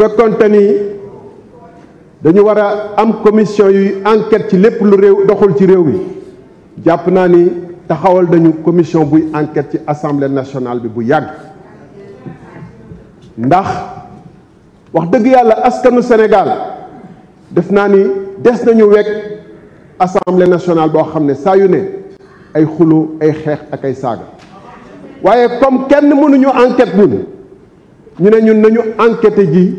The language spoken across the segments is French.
fekkonte ni dañu war a am commission yuy enquête ci lépp lu réew doxul ci réew mi jàpp naa ni taxawal dañu commission buy enquête ci assemblée nationale bi bu yàgg ndax wax dëgg yàlla askanu Sénégal def naa ni des nañu wekk assemblée nationale boo xam ne saa yu ne ay xulo ay xeex ak ay saaga waaye comme kenn mënuñu enquête ñun ñu ne ñun nañu enquête ji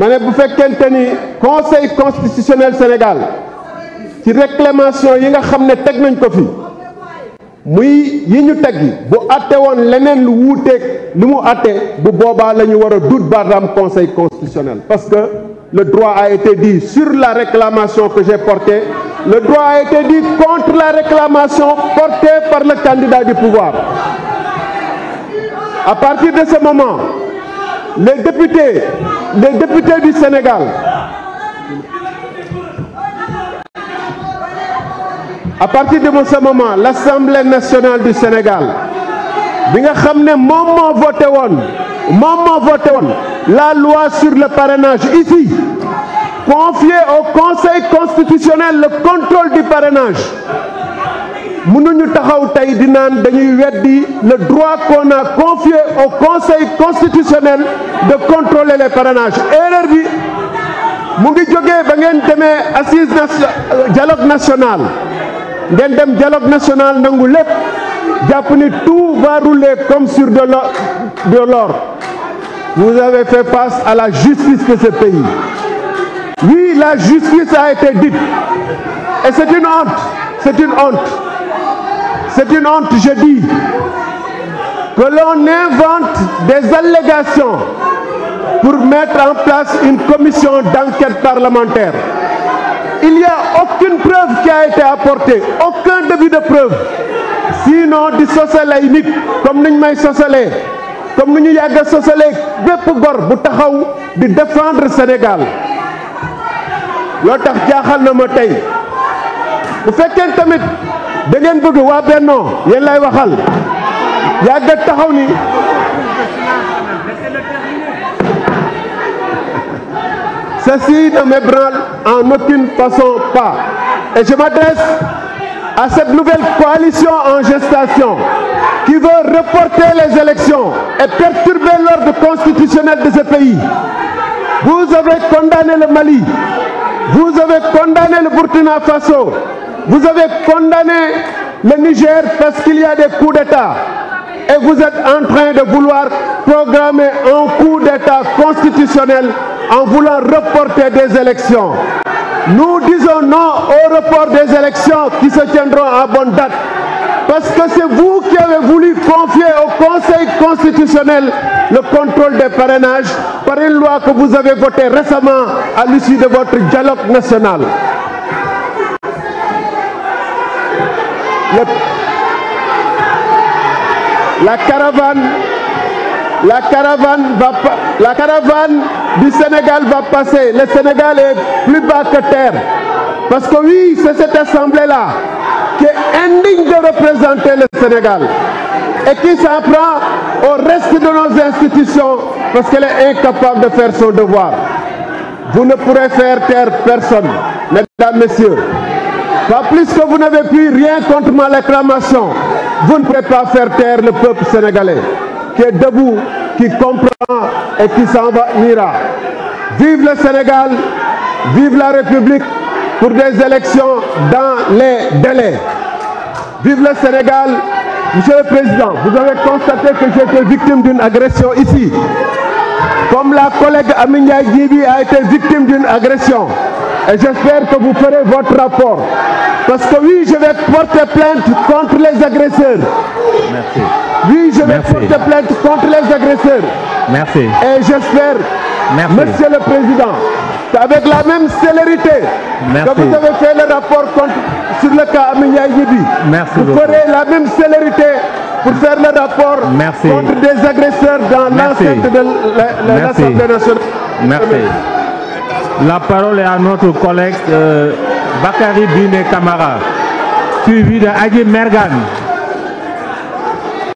mané bu fekkente ni conseil constitutionnel Sénégal ci réclamation yi nga xamné ne nañ ko fi muy yi ñu bu atté lu bu la wara conseil constitutionnel parce que le droit a été dit sur la réclamation que j'ai portée le droit a été dit contre la réclamation portée par le candidat du pouvoir à partir de ce moment les députés, les députés du Sénégal. À partir de ce moment, l'Assemblée nationale du Sénégal, bi nga voté la loi sur le parrainage ici confier au Conseil constitutionnel le contrôle du parrainage nous taxaw dit le droit qu'on a confié au conseil constitutionnel de contrôler les paranages. Et bi mu dit, assise dialogue national dialogue national tout va rouler comme sur de l'or vous avez fait face à la justice de ce pays oui la justice a été dite et c'est une honte c'est une honte c'est une honte, je dis, que l'on invente des allégations pour mettre en place une commission d'enquête parlementaire. Il n'y a aucune preuve qui a été apportée, aucun début de preuve. Sinon, du sosalé unique, comme nous sommes sosalé, comme nous sommes des bépp gor bu défendre le défendre Sénégal. Loolu tax jaaxal na ma Vous bu fekkee tamit ceci ne m'ébranle en aucune façon pas et je m'adresse à cette nouvelle coalition en gestation qui veut reporter les élections et perturber l'ordre constitutionnel de ce pays vous avez condamné le Mali, vous avez condamné le Burkina Faso, vous avez condamné le Niger parce qu'il y a des coups d'État. Et vous êtes en train de vouloir programmer un coup d'État constitutionnel en voulant reporter des élections. Nous disons non au report des élections qui se tiendront à bonne date. Parce que c'est vous qui avez voulu confier au Conseil constitutionnel le contrôle des parrainages par une loi que vous avez votée récemment à l'issue de votre dialogue national. la caravane la caravane, la caravane du Sénégal va passer. Le Sénégal est plus bas que terre. Parce que oui, c'est cette assemblée-là qui est indigne de représenter le Sénégal et qui s'en prend au reste de nos institutions parce qu'elle est incapable de faire son devoir. Vous ne pourrez faire taire personne, mesdames, messieurs. Pas plus que vous n'avez pu rien contre ma réclamation, vous ne pourrez pas faire taire le peuple sénégalais qui est debout, qui comprend et qui s'en va Mira. Vive le Sénégal, vive la République, pour des élections dans les délais. Vive le Sénégal Monsieur le Président, vous avez constaté que j'étais victime d'une agression ici. Comme la collègue Aminia Gibi a été victime d'une agression. Et j'espère que vous ferez votre rapport. Parce que oui, je vais porter plainte contre les agresseurs. Merci. Oui, je vais porter plainte contre les agresseurs. Merci. Et j'espère, Monsieur le Président, avec la même célérité que vous avez fait le rapport contre, sur le cas Aminia Yibi, vous ferez la même célérité pour faire le rapport contre des agresseurs dans l'enceinte de l'Assemblée nationale. Merci. La parole est à notre collègue euh, Bakary Bakari Bine Kamara, suivi de Adi Mergan.